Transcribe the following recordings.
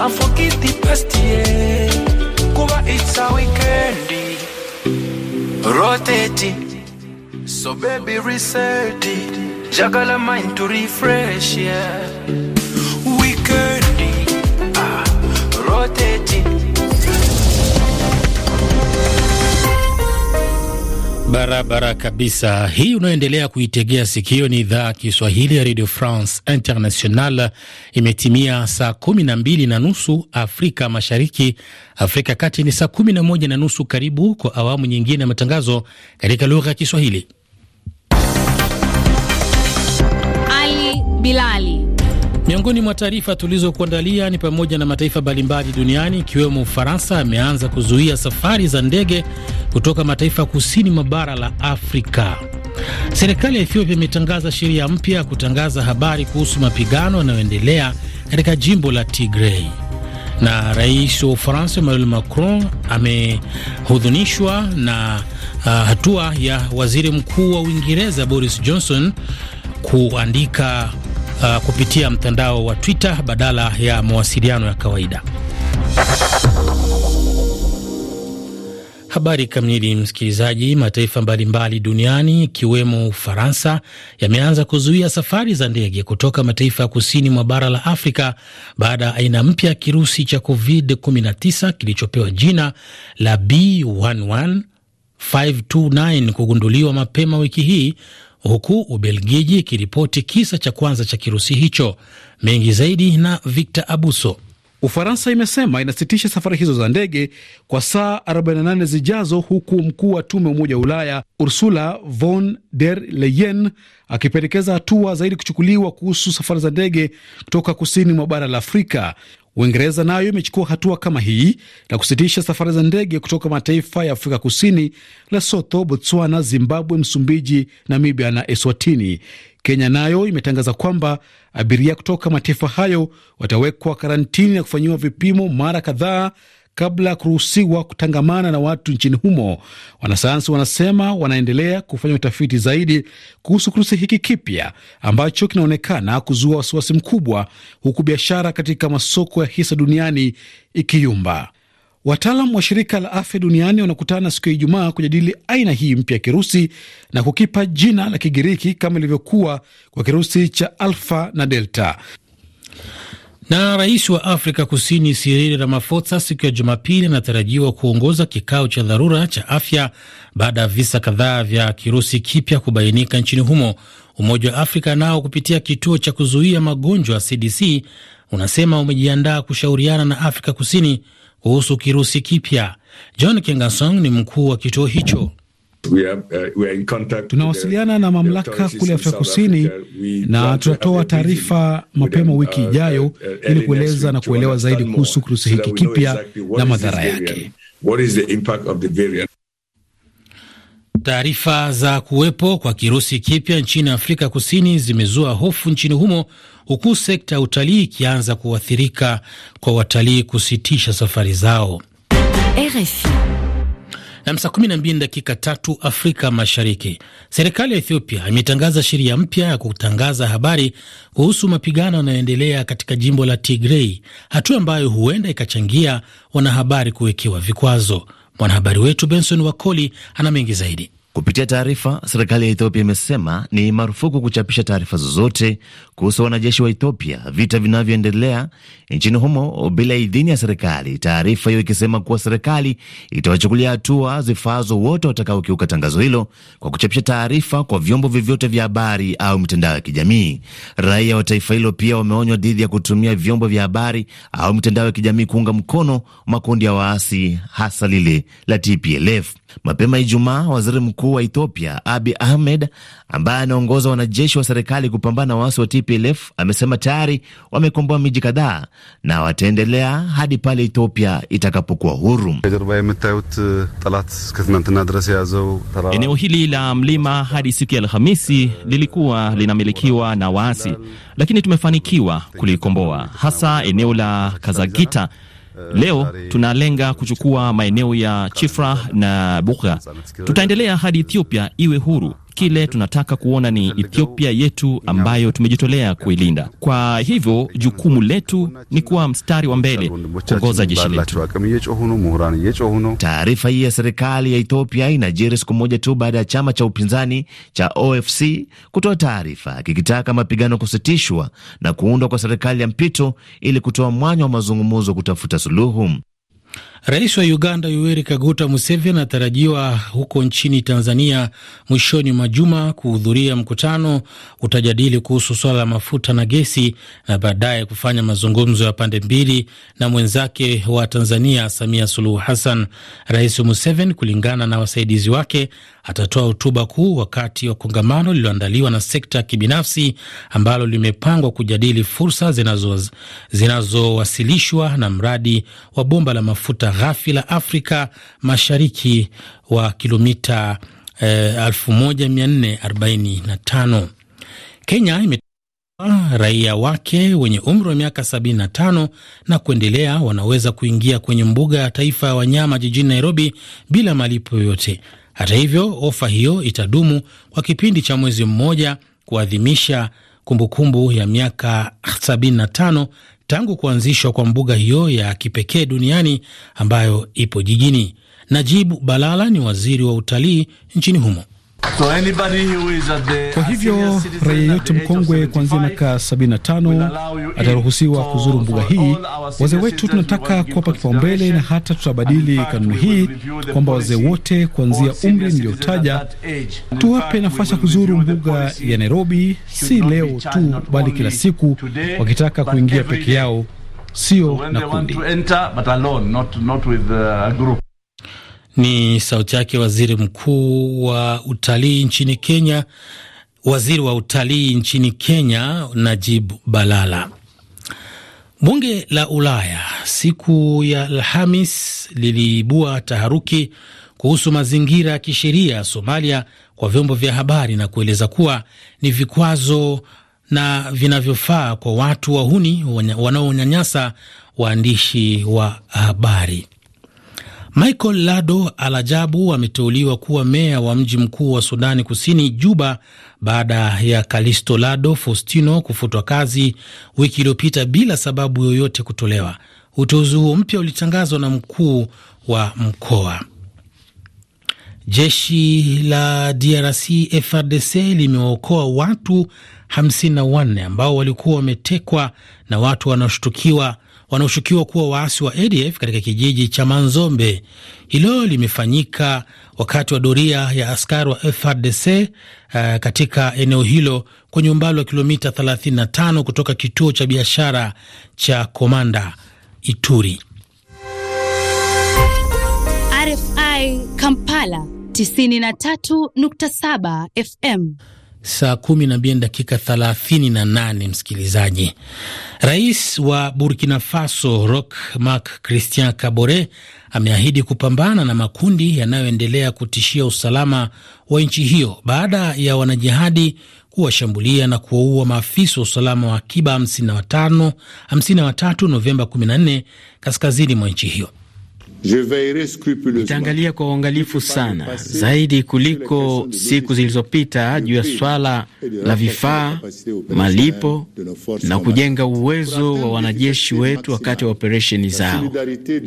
and forget the past year. Kuba it's a weekendi, rotate So baby reset it. Jagala mind to refresh, yeah. Weekendi, ah, rotate Barabara kabisa. Hii unayoendelea kuitegea sikio ni idhaa Kiswahili ya Radio France International. Imetimia saa kumi na mbili na nusu Afrika Mashariki, Afrika Kati ni saa kumi na moja na nusu. Karibu kwa awamu nyingine ya matangazo katika lugha ya Kiswahili. Ali Bilali Miongoni mwa taarifa tulizokuandalia ni pamoja na mataifa mbalimbali duniani ikiwemo Ufaransa ameanza kuzuia safari za ndege kutoka mataifa kusini mwa bara la Afrika. Serikali ya Ethiopia imetangaza sheria mpya ya kutangaza habari kuhusu mapigano yanayoendelea katika jimbo la Tigray. Na rais wa Ufaransa Emmanuel Macron amehudhunishwa na uh, hatua ya waziri mkuu wa Uingereza Boris Johnson kuandika uh, kupitia mtandao wa Twitter badala ya mawasiliano ya kawaida. Habari kamili, msikilizaji. Mataifa mbalimbali duniani ikiwemo Ufaransa yameanza kuzuia safari za ndege kutoka mataifa ya kusini mwa bara la Afrika baada ya aina mpya ya kirusi cha COVID-19 kilichopewa jina la B11529 kugunduliwa mapema wiki hii huku Ubelgiji ikiripoti kisa cha kwanza cha kirusi hicho. Mengi zaidi na Victor Abuso. Ufaransa imesema inasitisha safari hizo za ndege kwa saa 48 zijazo, huku mkuu wa tume wa Umoja wa Ulaya Ursula von der Leyen akipendekeza hatua zaidi kuchukuliwa kuhusu safari za ndege kutoka kusini mwa bara la Afrika. Uingereza nayo imechukua hatua kama hii na kusitisha safari za ndege kutoka mataifa ya Afrika Kusini, Lesotho, Botswana, Zimbabwe, Msumbiji, Namibia na Eswatini. Kenya nayo imetangaza kwamba abiria kutoka mataifa hayo watawekwa karantini na kufanyiwa vipimo mara kadhaa kabla ya kuruhusiwa kutangamana na watu nchini humo. Wanasayansi wanasema wanaendelea kufanya utafiti zaidi kuhusu kirusi hiki kipya ambacho kinaonekana kuzua wasiwasi mkubwa, huku biashara katika masoko ya hisa duniani ikiyumba. Wataalam wa shirika la afya duniani wanakutana siku ya Ijumaa kujadili aina hii mpya ya kirusi na kukipa jina la Kigiriki kama ilivyokuwa kwa kirusi cha Alfa na Delta. Na rais wa Afrika Kusini Cyril Ramaphosa siku ya Jumapili anatarajiwa kuongoza kikao cha dharura cha afya baada ya visa kadhaa vya kirusi kipya kubainika nchini humo. Umoja wa Afrika nao kupitia kituo cha kuzuia magonjwa CDC unasema umejiandaa kushauriana na Afrika Kusini kuhusu kirusi kipya. John Kengasong ni mkuu wa kituo hicho. Uh, tunawasiliana na mamlaka kule Afrika Kusini na tutatoa taarifa uh, mapema wiki uh, ijayo, ili kueleza na kuelewa zaidi kuhusu kirusi hiki kipya na madhara yake. Taarifa za kuwepo kwa kirusi kipya nchini Afrika Kusini zimezua hofu nchini humo, huku sekta ya utalii ikianza kuathirika kwa watalii kusitisha safari zao. RFI na saa 12 dakika tatu Afrika Mashariki. Serikali ya Ethiopia imetangaza sheria mpya ya kutangaza habari kuhusu mapigano yanayoendelea katika jimbo la Tigrei, hatua ambayo huenda ikachangia wanahabari kuwekewa vikwazo. Mwanahabari wetu Benson Wakoli ana mengi zaidi. Kupitia taarifa, serikali ya Ethiopia imesema ni marufuku kuchapisha taarifa zozote kuhusu wanajeshi wa Ethiopia, vita vinavyoendelea nchini humo bila idhini ya serikali, taarifa hiyo ikisema kuwa serikali itawachukulia hatua zifaazo wote watakaokiuka tangazo hilo kwa kuchapisha taarifa kwa vyombo vyovyote vya habari au mitandao ya kijamii. Raia wa taifa hilo pia wameonywa dhidi ya kutumia vyombo vya habari au mitandao ya kijamii kuunga mkono makundi ya waasi hasa lile la TPLF. Mapema Ijumaa, waziri mkuu wa Ethiopia Abi Ahmed, ambaye anaongoza wanajeshi wa serikali kupambana na waasi wa TPLF, amesema tayari wamekomboa miji kadhaa na wataendelea hadi pale Ethiopia itakapokuwa huru. Eneo hili la mlima hadi siku ya Alhamisi lilikuwa linamilikiwa na waasi, lakini tumefanikiwa kulikomboa, hasa eneo la Kazagita Eh, Leo tunalenga kuchukua maeneo ya Chifra na Bugha. Tutaendelea hadi Ethiopia iwe huru. Kile tunataka kuona ni Ethiopia yetu ambayo tumejitolea kuilinda. Kwa hivyo jukumu letu ni kuwa mstari wa mbele kuongoza jeshi letu. Taarifa hii ya serikali ya Ethiopia inajiri siku moja tu baada ya chama cha upinzani cha OFC kutoa taarifa kikitaka mapigano kusitishwa na kuundwa kwa serikali ya mpito ili kutoa mwanya wa mazungumzo kutafuta suluhu. Rais wa Uganda Yoweri Kaguta Museveni anatarajiwa huko nchini Tanzania mwishoni mwa juma kuhudhuria mkutano utajadili kuhusu swala la mafuta na gesi na baadaye kufanya mazungumzo ya pande mbili na mwenzake wa Tanzania Samia Suluhu Hassan. Rais Museveni, kulingana na wasaidizi wake, atatoa hotuba kuu wakati wa kongamano lililoandaliwa na sekta ya kibinafsi ambalo limepangwa kujadili fursa zinazowasilishwa zinazo na mradi wa bomba la mafuta ghafi la Afrika Mashariki wa kilomita eh, 1445. Kenya ime raia wake wenye umri wa miaka 75 na kuendelea wanaweza kuingia kwenye mbuga ya taifa ya wanyama jijini Nairobi bila malipo yoyote. Hata hivyo, ofa hiyo itadumu kwa kipindi cha mwezi mmoja kuadhimisha kumbukumbu ya miaka 75 tangu kuanzishwa kwa mbuga hiyo ya kipekee duniani ambayo ipo jijini. Najibu Balala ni waziri wa utalii nchini humo. So anybody who is at the, kwa hivyo raia yote mkongwe kuanzia miaka 75 ataruhusiwa kuzuru mbuga hii. Wazee wetu tunataka kuwapa kipaumbele, na hata tutabadili kanuni hii kwamba wazee wote kuanzia umri niliyotaja tuwape nafasi ya kuzuru mbuga ya Nairobi, si leo tu, bali kila siku, wakitaka kuingia peke yao, sio na kundi. Ni sauti yake waziri mkuu wa utalii nchini Kenya, waziri wa utalii nchini Kenya Najib Balala. Bunge la Ulaya siku ya Alhamis liliibua taharuki kuhusu mazingira ya kisheria ya Somalia kwa vyombo vya habari na kueleza kuwa ni vikwazo na vinavyofaa kwa watu wahuni wanaonyanyasa waandishi wa habari. Michael Lado Alajabu ameteuliwa kuwa meya wa mji mkuu wa Sudani Kusini, Juba, baada ya Kalisto Lado Faustino kufutwa kazi wiki iliyopita bila sababu yoyote kutolewa. Uteuzi huo mpya ulitangazwa na mkuu wa mkoa. Jeshi la DRC frdc limewaokoa watu 54 ambao walikuwa wametekwa na watu wanaoshtukiwa wanaoshukiwa kuwa waasi wa ADF katika kijiji cha Manzombe. Hilo limefanyika wakati wa doria ya askari wa FRDC uh, eh, katika eneo hilo kwenye umbali wa kilomita 35 kutoka kituo cha biashara cha Komanda Ituri. RFI Kampala 93.7 FM saa kumi na mbili dakika thelathini na nane msikilizaji. Rais wa Burkina Faso Roch Marc Christian Kabore ameahidi kupambana na makundi yanayoendelea kutishia usalama wa nchi hiyo baada ya wanajihadi kuwashambulia na kuwaua maafisa wa usalama wa akiba 53 Novemba 14 kaskazini mwa nchi hiyo. Nitaangalia kwa uangalifu sana zaidi kuliko siku zilizopita juu ya swala la vifaa, malipo na kujenga uwezo wa wanajeshi wetu wakati wa operesheni zao,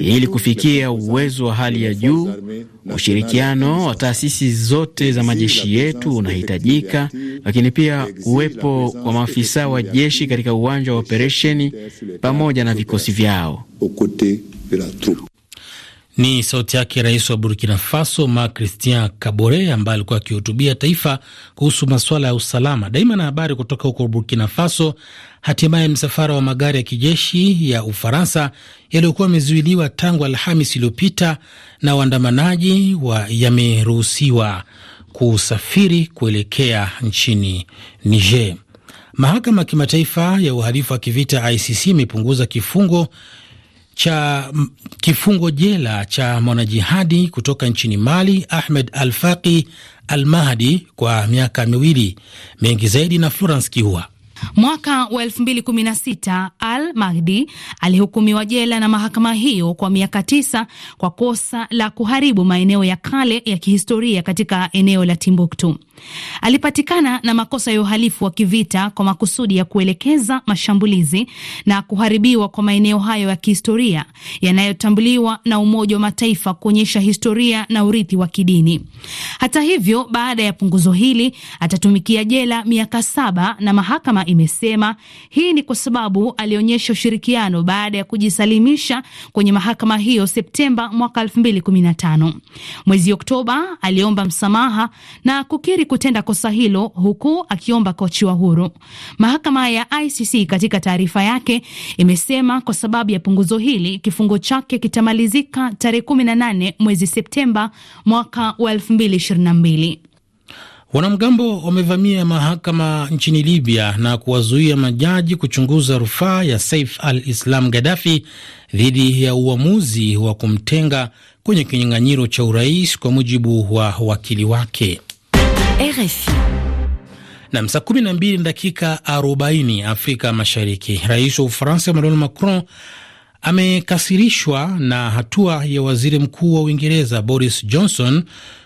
ili kufikia uwezo wa hali ya juu. Ushirikiano wa taasisi zote za majeshi yetu unahitajika, lakini pia uwepo wa maafisa wa jeshi katika uwanja wa operesheni pamoja na vikosi vyao. Ni sauti yake rais wa Burkina Faso Marc Christian Kabore ambaye alikuwa akihutubia taifa kuhusu masuala ya usalama daima. Na habari kutoka huko Burkina Faso, hatimaye msafara wa magari ya kijeshi ya Ufaransa yaliyokuwa yamezuiliwa tangu Alhamis iliyopita na waandamanaji wa yameruhusiwa kusafiri kuelekea nchini Niger. Mahakama ya Kimataifa ya Uhalifu wa Kivita ICC imepunguza kifungo cha kifungo jela cha mwanajihadi kutoka nchini Mali Ahmed Alfaqi Almahdi kwa miaka miwili. Mengi zaidi na Florence Kiua. Mwaka wa 2016 Al Mahdi alihukumiwa jela na mahakama hiyo kwa miaka tisa kwa kosa la kuharibu maeneo ya kale ya kihistoria katika eneo la Timbuktu. Alipatikana na makosa ya uhalifu wa kivita kwa makusudi ya kuelekeza mashambulizi na kuharibiwa kwa maeneo hayo ya kihistoria yanayotambuliwa na Umoja wa Mataifa kuonyesha historia na urithi wa kidini. Hata hivyo, baada ya punguzo hili atatumikia jela miaka saba, na mahakama imesema hii ni kwa sababu alionyesha ushirikiano baada ya kujisalimisha kwenye mahakama hiyo Septemba mwaka 2015. Mwezi Oktoba aliomba msamaha na kukiri ili kutenda kosa hilo, huku akiomba kochi wa huru. Mahakama ya ICC katika taarifa yake imesema kwa sababu ya punguzo hili kifungo chake kitamalizika tarehe 18 mwezi Septemba mwaka wa 2022. Wanamgambo wamevamia mahakama nchini Libya na kuwazuia majaji kuchunguza rufaa ya Saif al-Islam Gaddafi dhidi ya uamuzi wa kumtenga kwenye kinyang'anyiro cha urais, kwa mujibu wa wakili wake. RFI na saa 12 dakika 40 Afrika Mashariki. Rais wa Ufaransa Emmanuel Macron amekasirishwa na hatua ya waziri mkuu wa Uingereza Boris Johnson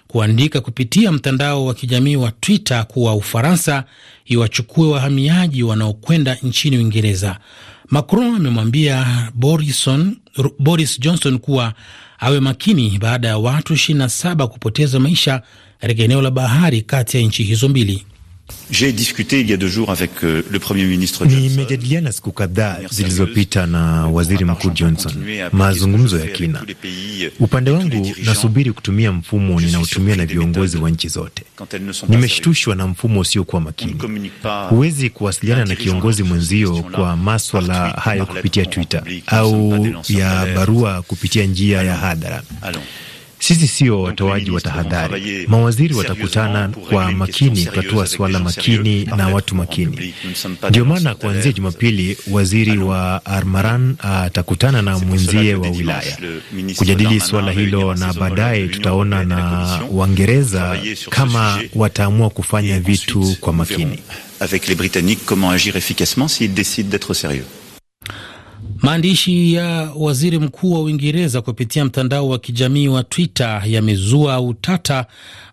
kuandika kupitia mtandao wa kijamii wa Twitter kuwa Ufaransa iwachukue wahamiaji wanaokwenda nchini Uingereza. Macron amemwambia Boris Johnson kuwa awe makini baada ya watu 27 kupoteza maisha katika eneo la bahari kati ya nchi hizo mbili. Euh, Nimejadiliana siku kadhaa zilizopita na waziri mkuu Johnson, mazungumzo ya kina. Euh, Upande wangu nasubiri kutumia mfumo ninaotumia na viongozi wa nchi zote. Nimeshtushwa na mfumo usiokuwa makini. Huwezi kuwasiliana na kiongozi mwenzio kwa maswala hayo kupitia Twitter au ya barua kupitia njia ya hadhara. Sisi sio watoaji wa tahadhari. Mawaziri watakutana kwa makini kutatua suala makini na watu makini. Ndio maana kuanzia Jumapili waziri wa Armaran atakutana na mwenzie wa wilaya kujadili suala hilo, na baadaye tutaona na Waingereza kama wataamua kufanya vitu kwa makini. Maandishi ya waziri mkuu wa Uingereza kupitia mtandao wa kijamii wa Twitter yamezua utata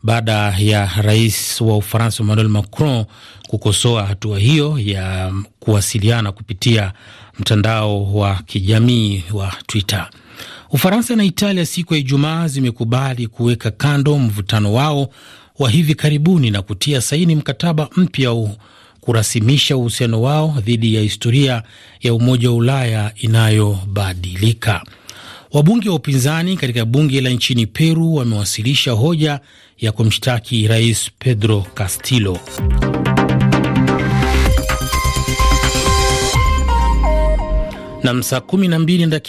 baada ya rais wa Ufaransa Emmanuel Macron kukosoa hatua hiyo ya kuwasiliana kupitia mtandao wa kijamii wa Twitter. Ufaransa na Italia siku ya Ijumaa zimekubali kuweka kando mvutano wao wa hivi karibuni na kutia saini mkataba mpya kurasimisha uhusiano wao dhidi ya historia ya Umoja wa Ulaya inayobadilika. Wabunge wa upinzani katika bunge la nchini Peru wamewasilisha hoja ya kumshtaki Rais Pedro Castillo. na saa kumi na mbili